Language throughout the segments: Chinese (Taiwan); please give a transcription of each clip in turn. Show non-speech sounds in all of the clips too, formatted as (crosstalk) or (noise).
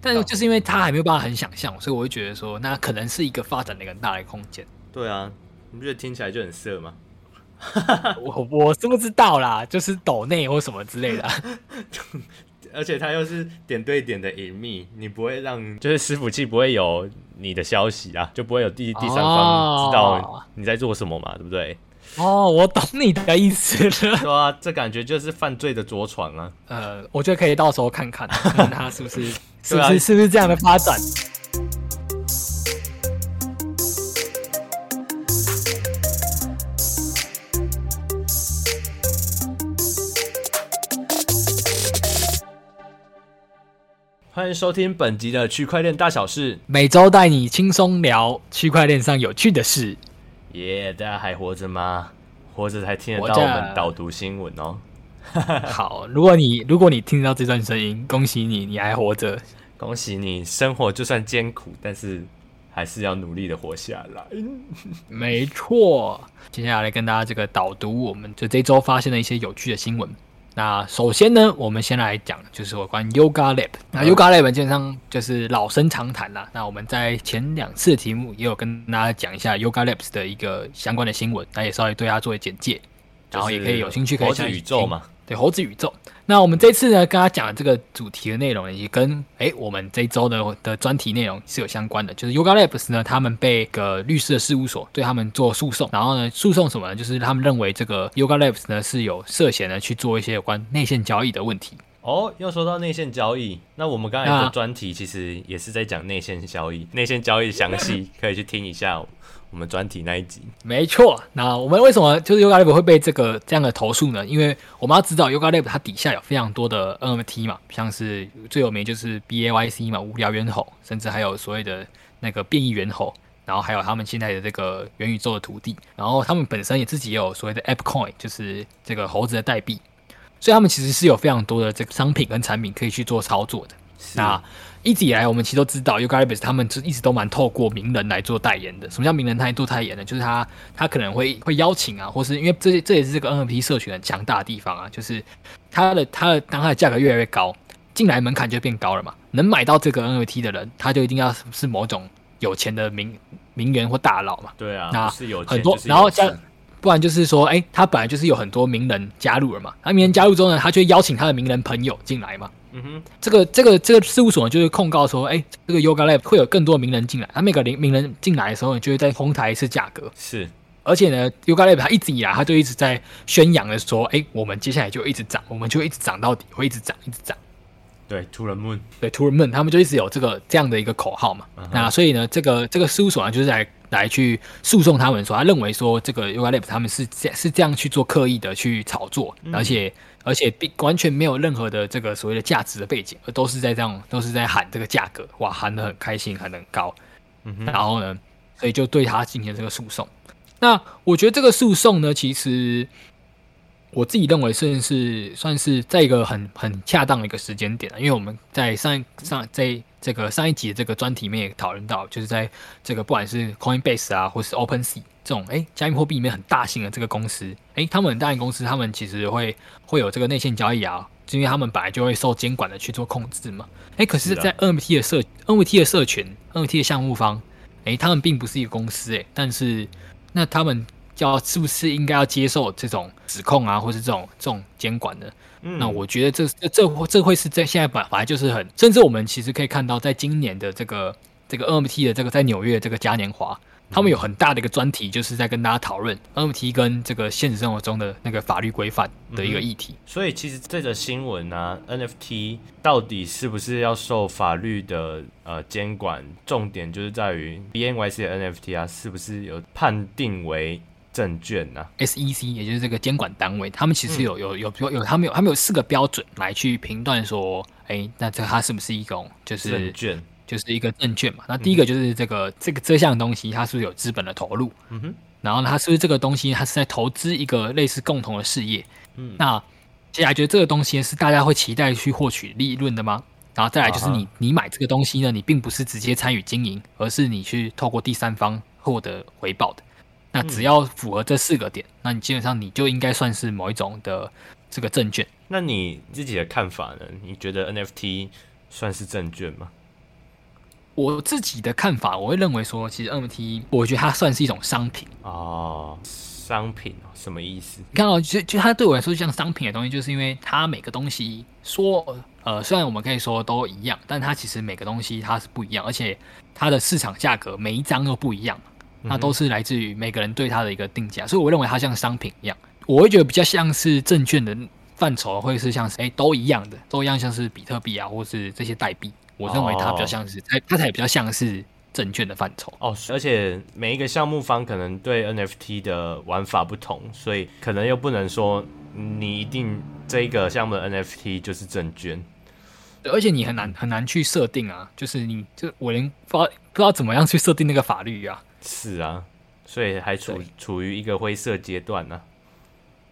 但是就是因為他還沒有辦法很想象，所以我會覺得說，那可能是一個發展的一個大的空間。對啊，你不覺得聽起來就很色嗎？ (laughs) 我我是不知道啦，就是抖內或什麼之類的。 (laughs) 而且他又是點對點的隱祕，你不會讓就是伺服器不會有你的消息啊，就不會有第第三方知道你在做什麼嘛，對不對？哦，我懂你的意思了。說、 (laughs) 啊、這感覺就是犯罪的佐傳啊。呃，我覺得可以到時候看看，看，看他是不是、 (laughs) 啊、是不是，是不是這樣的發展。啊、歡迎收聽本集的區塊鏈大小事，每周帶你輕鬆聊區塊鏈上有趣的事。耶、yeah！大家還活着嗎？活着才聽得到我們導讀新聞哦。 (laughs) 好，如果你如果你聽到這段聲音，恭喜你，你還活着。恭喜你，生活就算艱苦，但是還是要努力的活下來。 (laughs) 沒錯，接下來來跟大家這個導讀，我們就這周發現了一些有趣的新聞。那首先呢，我們先來講，就是有關 Yuga Labs、嗯、那 Yuga Labs 基本上就是老生常談啦、啊。那我們在前兩次題目也有跟大家講一下 Yuga Labs 的一個相關的新聞，那也稍微對它做一簡介，就是，然後也可以有興趣可以去猴子宇宙嘛，對猴子宇宙。那我們這次呢，跟他講的這個主題的內容，也跟、欸、我們這周的的專題內容是有相關的。就是 Yuga Labs 呢，他們被個律師的事務所對他們做訴訟，然後呢，訴訟什麼呢？就是他們認為這個 Yuga Labs 呢是有涉嫌呢去做一些有關內線交易的問題。哦，又說到內線交易，那我們剛才的專題其實也是在講內線交易，內、啊、線交易詳細 (laughs) 可以去聽一下、哦。我們專題那一集，沒錯。那我們為什麼就是 Yuga Lab 會被這個這樣的投訴呢？因為我們要知道 Yuga Lab 它底下有非常多的 NFT 嘛，像是最有名就是 BAYC 嘛，無聊猿猴，甚至還有所謂的那個變異猿猴，然後還有他們現在的這個元宇宙的土地，然後他們本身也自己也有所謂的 ApeCoin，就是這個猴子的代幣，所以他們其實是有非常多的這個商品跟產品可以去做操作的。是那一直以來，我們其實都知道 Yuga Labs 他們就一直都蠻透過名人來做代言的。什麼叫名人代言做代言呢？就是他他可能會會邀請啊，或是因為這這也是這個 NFT 社群很強大的地方啊。就是他的他的當他的價格越來越高，進來門檻就變高了嘛。能買到這個 NFT 的人，他就一定要是某種有錢的名名媛或大佬嘛。對啊，那是有很多，就是、然後加不然就是說，哎、欸，他本來就是有很多名人加入了嘛。那名人加入之後呢，他就會邀請他的名人朋友進來嘛。嗯哼，這個這個這個事務所就是控告說，哎，這個 Yuga Labs 會有更多名人進來，啊，每個名名人進來的時候，你就會再哄抬一次價格。是，而且呢，Yuga Labs 它一直以來，它就一直在宣揚的說，哎，我們接下來就一直漲，我們就一直漲到底，會一直漲，一直漲。對，to the moon，對 to the moon，他們就一直有這個這樣的一個口號嘛。嗯、那所以呢，這個這個事務所呢，就是在。來去訴訟他們說，說他認為說這個 Yuga Labs 他們是是這樣去做刻意的去炒作，而且而且並完全沒有任何的這個所謂的價值的背景，而都是在這樣都是在喊這個價格，哇喊得很開心，喊得很高、嗯，然後呢，所以就對他進行這個訴訟。那我覺得這個訴訟呢，其實我自己認為算是算是在一個很很恰當的一個時間點，因為我們在上上在。這個上一集的這個專題裡面也討論到，就是在這個不管是 Coinbase 啊，或是 OpenSea 這種哎加密貨幣裡面很大型的這個公司，哎，他們很大型公司他們其實會會有這個內線交易啊，就因為他們本來就會受監管的去做控制嘛。哎，可是，在 NFT 的社、啊、NFT 的社群 NFT 的項目方，哎，他們並不是一個公司哎、欸，但是那他們。要是不是應該要接受這種指控啊，或是這種這種監管的？嗯，那我覺得這這這會這會是在現在本來本來就是很，甚至我們其實可以看到，在今年的這個這個 N F T 的這個在紐約的這個嘉年華，他們有很大的一個專題，就是在跟大家討論 N F T 跟這個現實生活中的那個法律規範的一個議題、嗯。所以其實這個新聞呢、啊，N F T 到底是不是要受法律的呃監管？重點就是在於 B A Y C 的 N F T 啊，是不是有判定為。證券呐、啊、，SEC 也就是這個監管單位，他們其實有、嗯、有有有他們有他們有四個標準來去評斷說，哎、欸，那這它是不是一種就是證券，就是一個證券嘛。那第一個就是這個、嗯、這個這項東西它是不是有資本的投入，嗯哼，然後呢它是不是這個東西它是在投資一個類似共同的事業，嗯，那接下來覺得這個東西呢是大家會期待去獲取利潤的嗎？然後再來就是你、啊、你買這個東西呢，你並不是直接參與經營，而是你去透過第三方獲得回報的。那只要符合這四個點，嗯、那你基本上你就應該算是某一種的這個證券。那你自己的看法呢？你覺得 NFT 算是證券嗎？我自己的看法，我會認為說，其實 NFT，我覺得它算是一種商品。哦，商品、哦、什麼意思？你看哦，就就它對我來說像商品的東西，就是因為它每個東西說，呃，雖然我們可以說都一樣，但它其實每個東西它是不一樣，而且它的市場價格每一張都不一樣。它、嗯嗯、都是來自於每個人對它的一個定價，所以我認為它像商品一樣，我會覺得比較像是證券的範疇，會是像哎、欸、都一樣的，都一樣像是比特幣啊，或是這些代幣。我認為它比較像是它、哦、它才比較像是證券的範疇哦。而且每一個項目方可能對 NFT 的玩法不同，所以可能又不能說你一定這個項目的 NFT 就是證券，而且你很難很難去設定啊，就是你就我連發不，不知道怎麼樣去設定那個法律啊。是啊，所以還處處於一個灰色階段呢、啊。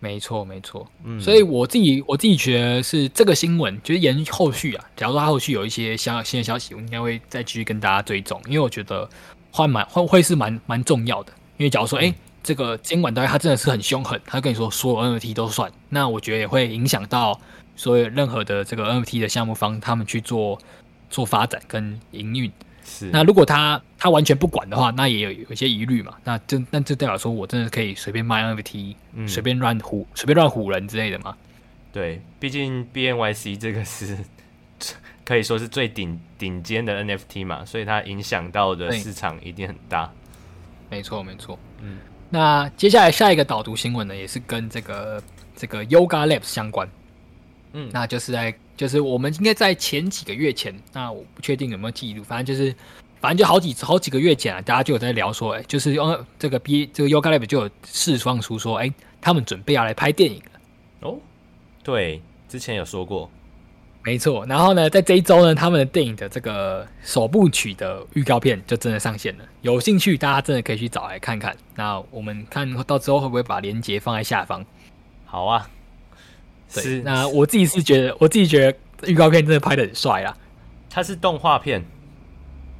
沒錯，沒錯。嗯，所以我自己我自己覺得是這個新聞，就是延後續啊。假如說它後續有一些新新的消息，我應該會再繼續跟大家追蹤，因為我覺得會蠻會會是蠻蠻重要的。因為假如說，誒、嗯欸、這個監管單位他真的是很凶狠，他跟你說所有 NFT 都算，那我覺得也會影響到所有任何的這個 NFT 的項目方他們去做做發展跟營運。是那如果他他完全不管的話，那也有有些疑慮嘛。那就那就代表說我真的可以隨便賣 NFT，隨便，嗯，亂唬隨便亂唬人之類的嘛。對，畢竟 BAYC 這個是可以說是最頂頂尖的 NFT 嘛，所以它影響到的市場一定很大。沒錯，沒錯。嗯，那接下來下一個導讀新聞呢，也是跟這個這個 Yuga Labs 相關。嗯，那就是在。就是我們應該在前幾個月前，那我不確定有沒有記錄，反正就是，反正就好幾好幾個月前啊，大家就有在聊說，哎、欸，就是用，哦、這個 B，這個 Yuga Labs 就有釋放出說，哎、欸，他們準備要來拍電影了。哦，對，之前有說過，沒錯。然後呢，在這一周呢，他們的電影的這個首部曲的預告片就真的上線了。有興趣大家真的可以去找來看看。那我們看到之後會不會把鏈接放在下方？好啊。對，那我自己是覺得是，我自己覺得預告片真的拍的很帥啦。它是動畫片，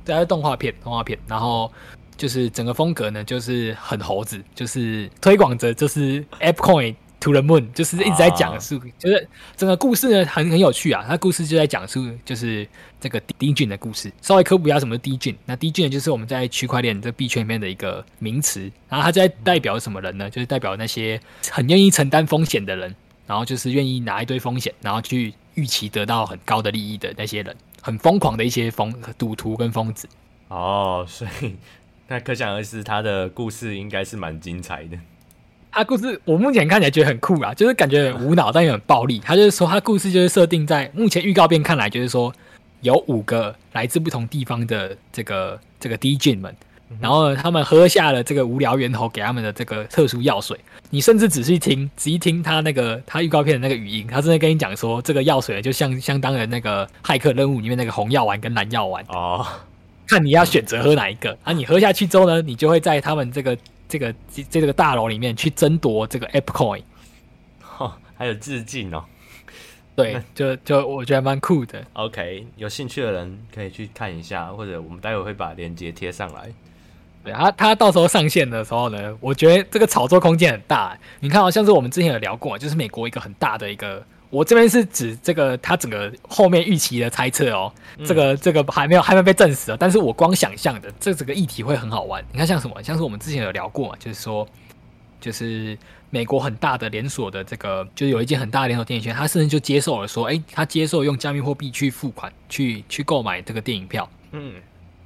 對，是動畫片，動畫片。然後就是整個風格呢，就是很猴子，就是推廣着就是 App Coin to the Moon，就是一直在講述，啊、就是整個故事呢很很有趣啊。它故事就在講述就是這個 D 一郡的故事。稍微科普一下什麼第一郡。那 D 一呢，就是我們在區塊鏈這幣圈裡面的一個名詞。然後它就在代表什麼人呢？就是代表那些很願意承擔風險的人。然後就是願意拿一堆風險，然後去預期得到很高的利益的那些人，很瘋狂的一些瘋賭徒跟瘋子。哦，所以，那可想而知，他的故事應該是蠻精彩的。他、啊、故事我目前看起來覺得很酷啊，就是感覺無腦但也很暴力。他就是說，他故事就是設定在目前預告片看來，就是說有五個來自不同地方的這個這個 DJ 們。然後他們喝下了這個無聊猿猴給他們的這個特殊藥水。你甚至仔細聽，仔細聽他那個他預告片的那個語音，他正在跟你講說，這個藥水就像相當於那個駭客任務裡面那個紅藥丸跟藍藥丸哦，看你要選擇喝哪一個。嗯。啊，你喝下去之後呢，你就會在他們這個這個這個大樓裡面去爭奪這個 App Coin。哦，還有致敬哦。 (laughs) 對，就就我覺得還蠻酷的。 (laughs) OK，有興趣的人可以去看一下，或者我們待會會把鏈接貼上來。他他到時候上線的時候呢，我覺得這個炒作空間很大、欸。你看、喔，好像是我們之前有聊過、啊，就是美國一個很大的一個，我這邊是指這個他整個後面預期的猜測哦、喔嗯，這個這個還沒有還沒有被證實啊、喔。但是我光想象的這整個議題會很好玩。你看，像什麼，像是我們之前有聊過嘛，就是說，就是美國很大的連鎖的這個，就是有一間很大的連鎖電影院，他甚至就接受了說，哎、欸，他接受用加密貨幣去付款，去去購買這個電影票。嗯。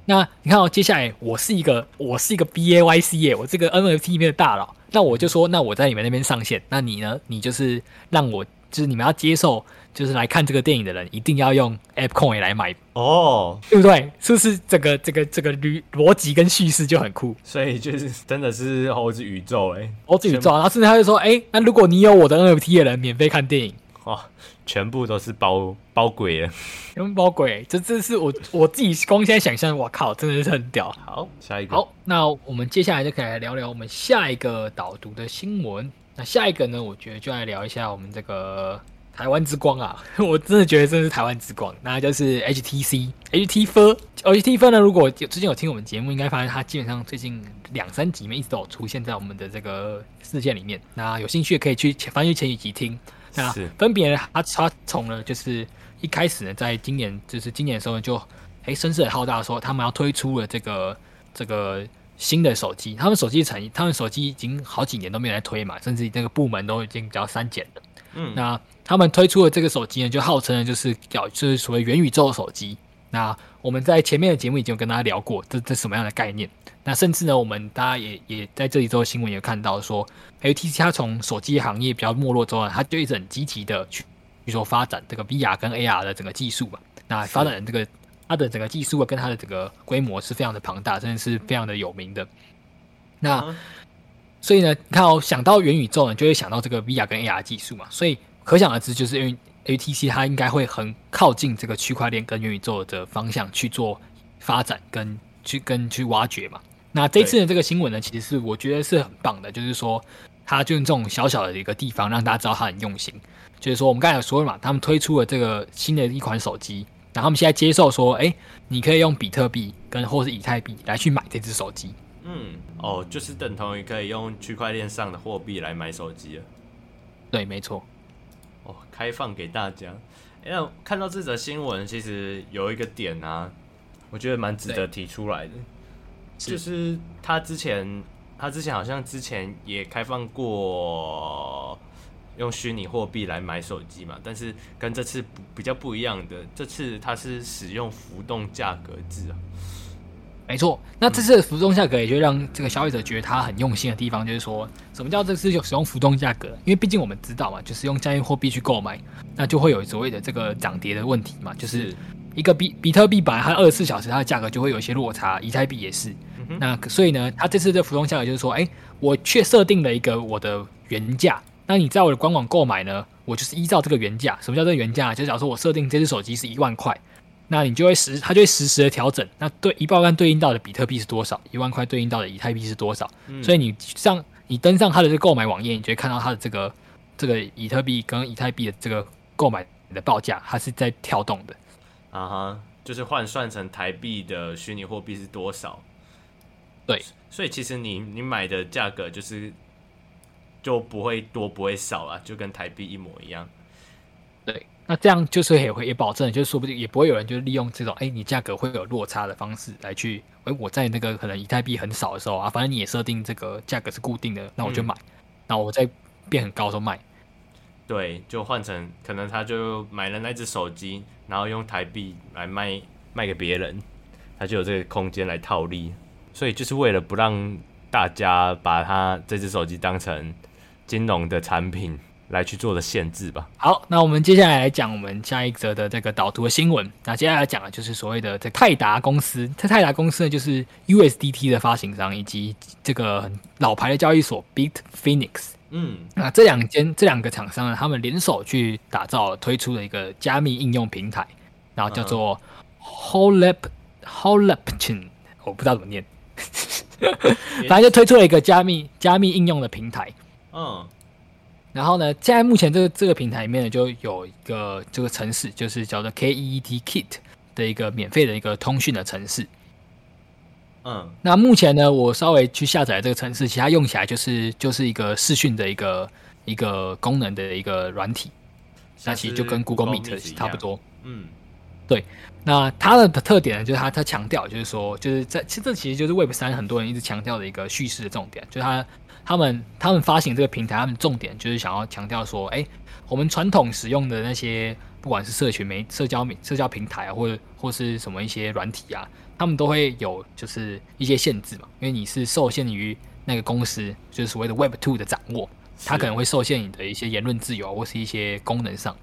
那你看哦，接下來我是一個我是一個 B A Y C 耶，我這個 N F T 裡面的大佬，那我就說，那我在你們那邊上線，那你呢？你就是讓我，就是你們要接受，就是來看這個電影的人，一定要用 ApeCoin 來買哦，oh. 對不對？是不是這個這個這個邏輯跟敘事就很酷？所以就是真的是猴子宇宙誒、欸，猴子宇宙，然後甚至他就說，哎、欸，那如果你有我的 N F T 的人免費看電影哦。Oh. 全部都是包包鬼的，全部包鬼？這這是我我自己光現在想象，哇靠，真的是很屌。 (laughs) 好，下一個。好，那我們接下來就可以來聊聊我們下一個導讀的新聞。那下一個呢？我覺得就來聊一下我們這個台灣之光啊！我真的覺得真的是台灣之光，那就是 HTC，HT four、oh, HT four 呢？如果有最近有聽我們節目，應該發現它基本上最近兩三集裡面一直都有出現在我們的這個事件裡面。那有興趣的可以去翻閱前幾集聽。啊，那分別他他從了就是一開始呢，在今年就是今年的時候就，哎，聲勢浩大的時候，說他們要推出了這個這個新的手機，他們手機產，他們手機已經好幾年都沒有在推嘛，甚至那個部門都已經比較刪減了。嗯，那他們推出的這個手機呢，就號稱就是叫就是所謂元宇宙的手機。那我們在前面的節目已經有跟大家聊過這，這這什麼樣的概念？那甚至呢，我們大家也也在這一周新聞也看到說，H T C 它從手機行業比較沒落之後，它就一直很積極的去比如說發展這個 V R 跟 A R 的整個技術嘛。那發展這個它的整個技術啊，跟它的整個規模是非常的龐大，真的是非常的有名的。那、嗯、所以呢，你看哦，想到元宇宙呢，就會想到這個 V R 跟 A R 技術嘛。所以可想而知，就是因為。HTC，它應該會很靠近這個區塊鏈跟元宇宙的方向去做發展跟去跟去挖掘嘛。那這次的這個新聞呢，其實是我覺得是很棒的，就是說它就用這種小小的一個地方，讓大家知道它很用心。就是說我們剛才有說了嘛，他們推出了這個新的一款手機，然後他們現在接受說，哎、欸，你可以用比特幣跟或是以太幣來去買這隻手機。嗯，哦，就是等同於可以用區塊鏈上的貨幣來買手機了。對，沒錯。哦，開放給大家。哎、欸，看到這則新聞，其實有一個點啊，我覺得蠻值得提出來的，就是他之前，他之前好像之前也開放過用虛擬貨幣來買手機嘛，但是跟這次不，比較不一樣的，這次他是使用浮動價格制啊。沒錯，那這次的浮動價格也就讓這個消費者覺得他很用心的地方，就是說什麼叫這次就使用浮動價格？因為畢竟我們知道嘛，就是用加密貨幣去購買，那就會有所謂的這個漲跌的問題嘛，就是一個比比特幣本來它二十四小時它的價格就會有一些落差，以太幣也是、嗯。那所以呢，他這次的浮動價格就是說，哎、欸，我卻設定了一個我的原價，那你在我的官網購買呢，我就是依照這個原價。什麼叫這個原價？就是、假如說我設定這只手機是一萬塊。那你就會實，它就會實時的調整。那對一百萬對應到的比特幣是多少？一萬塊對應到的以太幣是多少？嗯、所以你上你登上它的這個購買網頁，你就會看到它的這個這個比特幣跟以太幣的這個購買的報價，它是在跳動的。啊哈，就是換算成台幣的虛擬貨幣是多少？對，所以其實你你買的價格就是就不會多不會少啊，就跟台幣一模一樣。對，那這樣就是也會也保證，就是說不定也不會有人就利用這種，哎、欸，你價格會有落差的方式來去，哎，我在那個可能以太幣很少的時候啊，反正你也設定這個價格是固定的，那我就買，那、嗯、我再變很高的時候賣。對，就換成可能他就買了那隻手機，然後用台幣來賣賣給別人，他就有這個空間來套利。所以就是為了不讓大家把他這隻手機當成金融的產品，來去做的限制吧。好，那我們接下來來講我們下一則的這個導讀的新聞。那接下來講的就是所謂的泰達公司，泰達公司呢，就是 USDT 的發行商以及這個老牌的交易所 Bitfinex。嗯，那這兩間這兩個廠商呢，他們聯手去打造推出了一個加密應用平台，然後叫做 Holap、嗯、Holepunch 我不知道怎麼念， (laughs) 反正就推出了一個加密加密應用的平台。嗯。然後呢，現在目前這個這個平台裡面呢，就有一個這、就是、個程式，就是叫做 K E E T Kit 的一個免費的一個通訊的程式。嗯，那目前呢，我稍微去下載這個程式，其實它用起來就是就是一個視訊的一個一個功能的一個軟體，那其實就跟 Google Meet 差不多。嗯，對。那它的特點呢，就是它它強調就是說，就是在其實這其實就是 Web 三很多人一直強調的一個敘事的重點，就是它。他們他們發行這個平台，他們重點就是想要強調說，哎、欸，我們傳統使用的那些，不管是社群媒、社交媒、社交平台、啊，或者或是什麼一些軟體啊，他們都會有就是一些限制嘛，因為你是受限於那個公司，就是所謂的 Web Two 的掌握，它可能會受限你的一些言論自由、啊、或是一些功能上。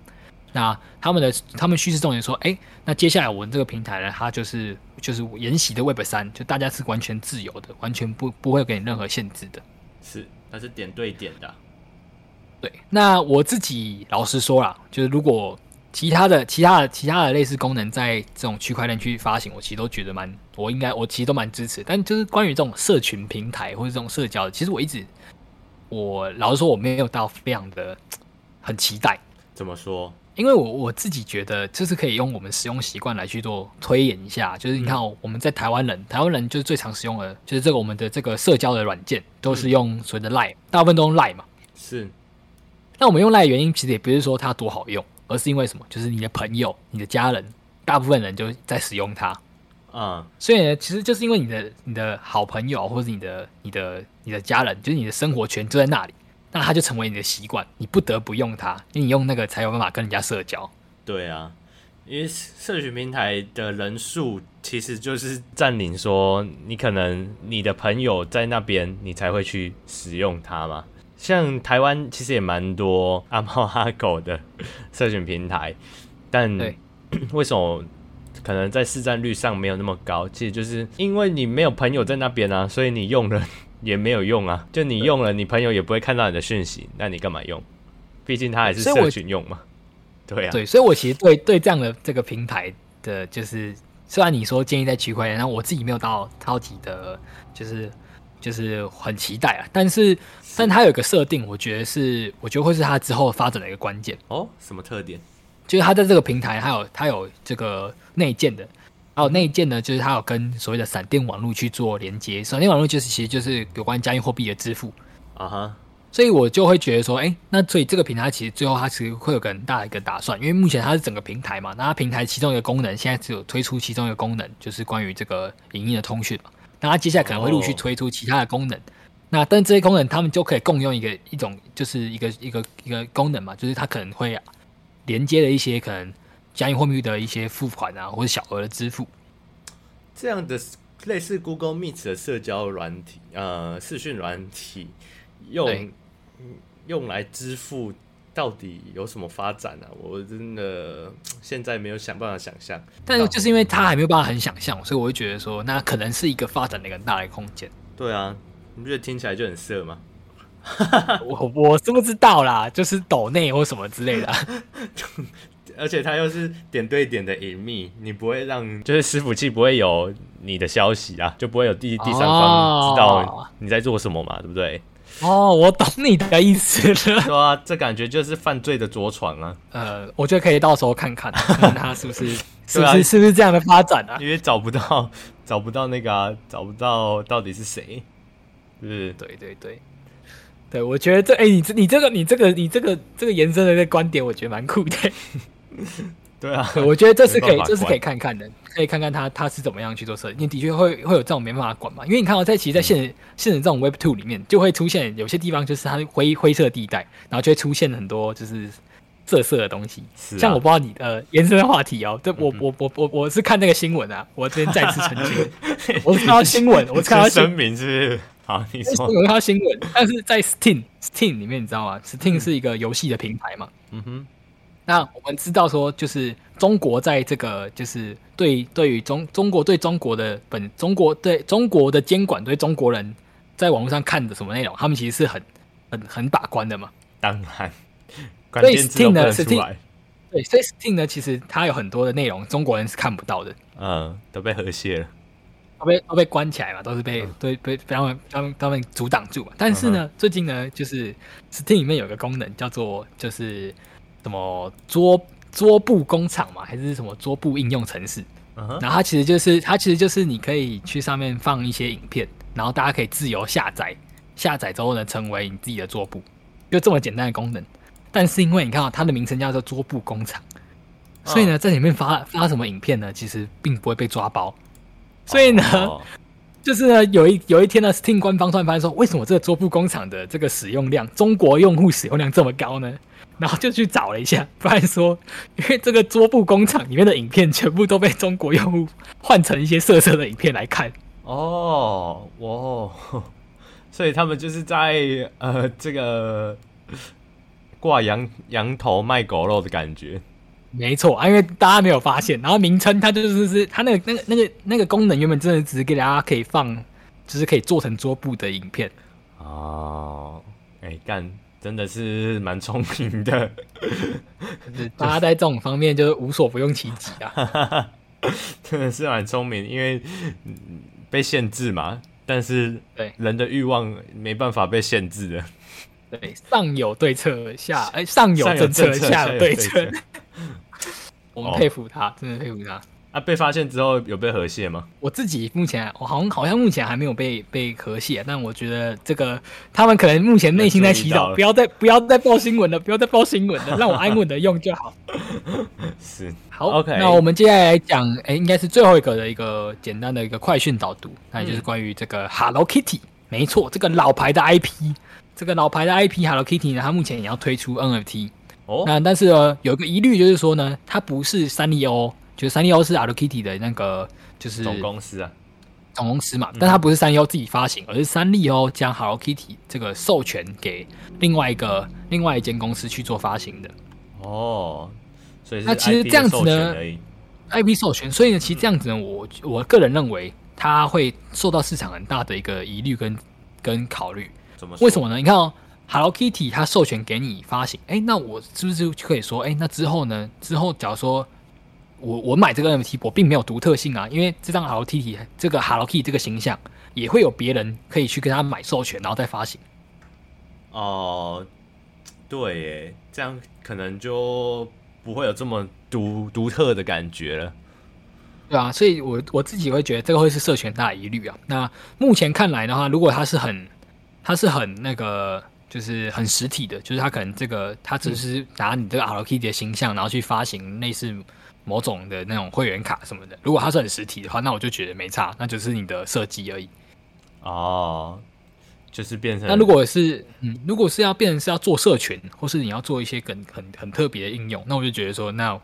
那他們的他們敘事重點說，哎、欸，那接下來我們這個平台呢，它就是就是沿襲的 Web 三，就大家是完全自由的，完全不不會給你任何限制的。是，它是點對點的啊。對，那我自己老實說啦，就是如果其他的、其他的、其他的類似功能在這種區塊鏈去發行，我其實都覺得蠻，我應該我其實都蠻支持。但就是關於這種社群平台或者這種社交的，其實我一直我老實說我沒有到非常的很期待。怎麼說？因為我我自己覺得，就是可以用我們使用習慣來去做推演一下。就是你看，我們在台灣人，嗯，台灣人就是最常使用的，就是這個我們的這個社交的軟件，都是用所謂的 Line，嗯，大部分都用 Line 嘛。是。那我們用 Line 的原因，其實也不是說它多好用，而是因為什麼？就是你的朋友、你的家人，大部分人就在使用它。嗯。所以呢，其實就是因為你的、你的好朋友或是，或者你的、你的、你的家人，就是你的生活圈就在那裡。那它就成為你的習慣，你不得不用它，因為你用那個才有辦法跟人家社交。對啊，因為社群平台的人數其實就是占領，說你可能你的朋友在那邊，你才會去使用它嘛。像台灣其實也蠻多阿貓阿狗的社群平台，但為什麼可能在市占率上沒有那麼高？其實就是因為你沒有朋友在那邊啊，所以你用了，也沒有用啊！就你用了，你朋友也不會看到你的訊息，那你幹嘛用？畢竟它還是社群用嘛。對啊，對，所以我其實對對這樣的這個平台的，就是雖然你說建議在區塊鏈，然後我自己沒有到超級的，就是就是很期待啊。但是，是但它有一個設定，我覺得是我覺得會是它之後發展的一個關鍵哦。什麼特點？就是它在這個平台，它有它有這個內建的。還、啊、有那一件呢，就是它有跟所謂的閃電網絡去做連接。閃電網絡就是其實就是有關加密貨幣的支付啊哈。Uh -huh. 所以我就會覺得說，哎、欸，那所以這個平台其實最後它其實會有個很大的一個打算，因為目前它是整個平台嘛，那它平台其中一個功能現在只有推出其中一個功能，就是關於這個影音的通訊嘛。那它接下來可能會陸續推出其他的功能。Oh. 那但這些功能，他們就可以共用一個一種就是一個一個一個功能嘛，就是它可能會連接了一些可能。加密貨幣的一些付款啊，或者小額的支付，這樣的類似 Google Meet 的社交軟體，呃，視訊軟體用用來支付，到底有什麼發展呢、啊？我真的現在沒有想辦法想象，但是就是因為他還沒有辦法很想象，所以我會覺得說，那可能是一個發展的一個大的空間。對啊，你不覺得聽起來就很色嗎？ (laughs) 我我是不知道啦， (laughs) 就是抖內或什麼之類的、啊。 (laughs) 而且它又是點對點的隱秘，你不會讓就是伺服器不會有你的消息啊，就不會有第第三方知道你在做什麼嘛、哦，對不對？哦，我懂你的意思了。說 (laughs) 啊，這感覺就是犯罪的着床啊。呃，我覺得可以到時候看看，看他是不是、 (laughs) 啊、是不是是不是這樣的發展啊？因為找不到找不到那個啊，找不到到底是誰，是不是？對對對，對，對我覺得這哎、欸，你你這個你這個你這個你這個延伸、這個、的那觀點，我覺得蠻酷的、欸。 (laughs) 對啊對，我覺得這是可以，這是可以看看的，可以看看他他是怎麼樣去做設計。你的確會會有這種沒辦法管嘛，因為你看到、喔、在其實在現實現實這種 Web Two 裡面，就會出現有些地方就是它灰灰色的地帶，然後就會出現很多就是色色的東西。啊、像我不知道你的、呃、延伸的話題哦、喔，這我嗯嗯我我我我是看那個新聞啊，我這邊再次澄清， (laughs) 我，看 (laughs) 我看到新聞，我看到聲明是啊，你說我看到新聞，是是是新聞 (laughs) 但是在 Steam Steam 裡面你知道嗎？Steam 是一個遊戲的平台嘛，嗯，嗯哼。那我們知道說，就是中國在這個就是對對於中中國對中國的本中國對中國的監管，對中國人在網絡上看的什麼內容，他們其實是很很很把關的嘛。當然，關鍵是 t 的是 m 呢 Steam, 對，所以 Steam 呢，其實它有很多的內容，中國人是看不到的。嗯，都被和諧了，都被都被關起來嘛，都是被被被、嗯、被他們他們,他們阻擋住嘛。但是呢、嗯，最近呢，就是 Steam 裡面有一個功能叫做就是。什麼桌桌布工廠嘛，還是什麼桌布應用程式？Uh -huh. 然後它其實就是，它其實就是你可以去上面放一些影片，然後大家可以自由下載，下載之後呢，成為你自己的桌布，就這麼簡單的功能。但是因為你看啊、喔，它的名稱叫做桌布工廠，uh -huh. 所以呢，在裡面發發什麼影片呢，其實並不會被抓包。Uh -huh. 所以呢，就是呢，有一有一天呢，Steam 官方突然發現說，為什麼這個桌布工廠的這個使用量，中國用戶使用量這麼高呢？然後就去找了一下，不然說，因為這個桌布工廠裡面的影片全部都被中國用戶換成一些色色的影片來看。哦，哇，所以他們就是在呃這個掛羊羊頭賣狗肉的感覺。沒錯啊，因為大家沒有發現。然後名稱它就是是它那個那個那個、那個、那個功能原本真的只是給大家可以放，就是可以做成桌布的影片。哦，哎幹。真的是蠻聰明的、 (laughs) 就是，大家在這種方面就是無所不用其極啊， (laughs) 真的是蠻聰明。因為被限制嘛，但是人的慾望沒辦法被限制的，對上有對策，下、欸，上有政策，上有政策，下有對策， (laughs) 下有對策。 (laughs) oh. 我們佩服他，真的佩服他。啊！被發現之後有被和諧嗎？我自己目前我好像好像目前還沒有被被河蟹，但我覺得這個他們可能目前內心在祈禱，不要再不要再報新聞了，不要再報新聞了， (laughs) 讓我安穩的用就好。 (laughs) 是好 OK。那我們接下來講，哎、欸，應該是最後一個的一個簡單的一個快訊導讀，那就是關於這個 Hello Kitty、嗯。沒錯，這個老牌的 IP，這個老牌的 IP Hello Kitty 呢，它目前也要推出 NFT。哦，那但是呢，有一個疑慮就是說呢，它不是三麗鷗。就三麗鷗是 Hello Kitty 的那個，就是總公司啊，總公司嘛，但它不是三麗鷗自己發行，而是三麗鷗將 Hello Kitty 這個授權給另外一個另外一間公司去做發行的。哦，所以那其實這樣子呢，IP 授權，所以呢，其實這樣子呢，我我個人認為它會受到市場很大的一個疑慮跟跟考慮。怎麼？為什麼呢？你看哦，Hello Kitty 它授權給你發行，誒，那我是不是就可以說，誒，那之後呢？之後假如說我我買這個 M T，我並沒有獨特性啊，因為這張 Hello Kitty 這個 Hello Kitty 這個形象也會有別人可以去給他買授權，然後再發行。哦、呃，對，耶，這樣可能就不會有這麼獨獨特的感覺了。對啊，所以我我自己會覺得這個會是授權大疑慮啊。那目前看來的話，如果他是很他是很那個，就是很實體的，就是他可能這個他只是拿你這個 Hello Kitty 的形象、嗯，然後去發行類似。某種的那種會員卡什麼的，如果它是很實體的話，那我就覺得沒差，那就是你的設計而已。哦，就是變成，那如果是、嗯，如果是要變成是要做社群，或是你要做一些很很很特別的應用，那我就覺得說，那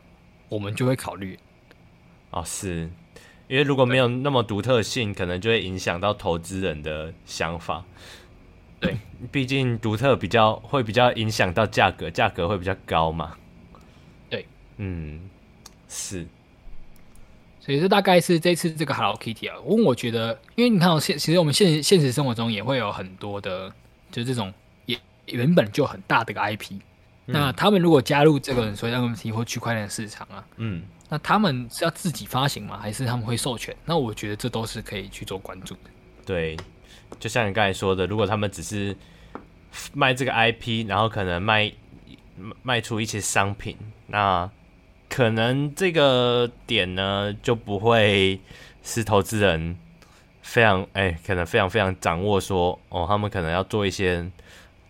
我們就會考慮。哦，是因為如果沒有那麼獨特性，可能就會影響到投資人的想法。對，畢竟獨特比較會比較影響到價格，價格會比較高嘛。對，嗯。是，所以這大概是這次這個 Hello Kitty 啊，我問我覺得，因為你看我，現其實我們現現實生活中也會有很多的，就這種也原本就很大的一個 IP，嗯，那他們如果加入這個所謂的 NFT 或區塊鏈市場啊，嗯，那他們是要自己發行嗎？還是他們會授權？那我覺得這都是可以去做關注的。對，就像你剛才說的，如果他們只是賣這個 IP，然後可能賣賣出一些商品，那。可能這個點呢就不會是投資人非常哎、欸，可能非常非常掌握說，說哦，他們可能要做一些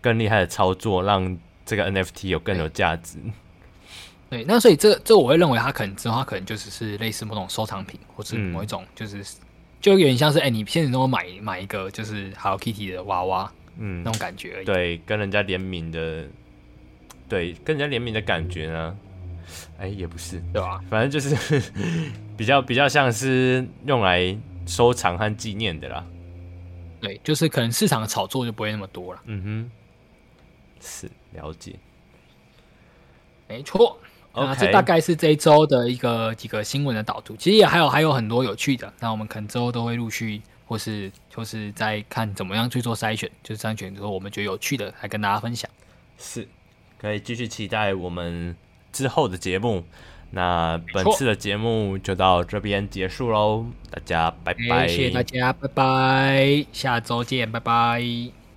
更厲害的操作，讓這個 NFT 有更有價值。對，那所以這這我會認為它可能主他可能就只是類似某種收藏品，或是某一種就是、嗯、就有點像是哎、欸，你現實中買買一個就是 Hello Kitty 的娃娃，嗯，那種感覺而已。對，跟人家聯名的，對，跟人家聯名的感覺呢？哎、欸，也不是，對吧？反正就是比較比較像是用來收藏和紀念的啦。對，就是可能市場的炒作就不會那麼多了。嗯哼，是了解，沒錯、okay。那這大概是這一周的一個幾個新聞的導讀。其實也還有還有很多有趣的，那我們可能之後都會陸續或是就是再看怎麼樣去做篩選，就是篩選之後我們覺得有趣的，來跟大家分享。是，可以繼續期待我們。之後的節目，那本次的節目就到這邊結束嘍，大家拜拜，okay, 謝謝大家，拜拜，下周見，拜拜。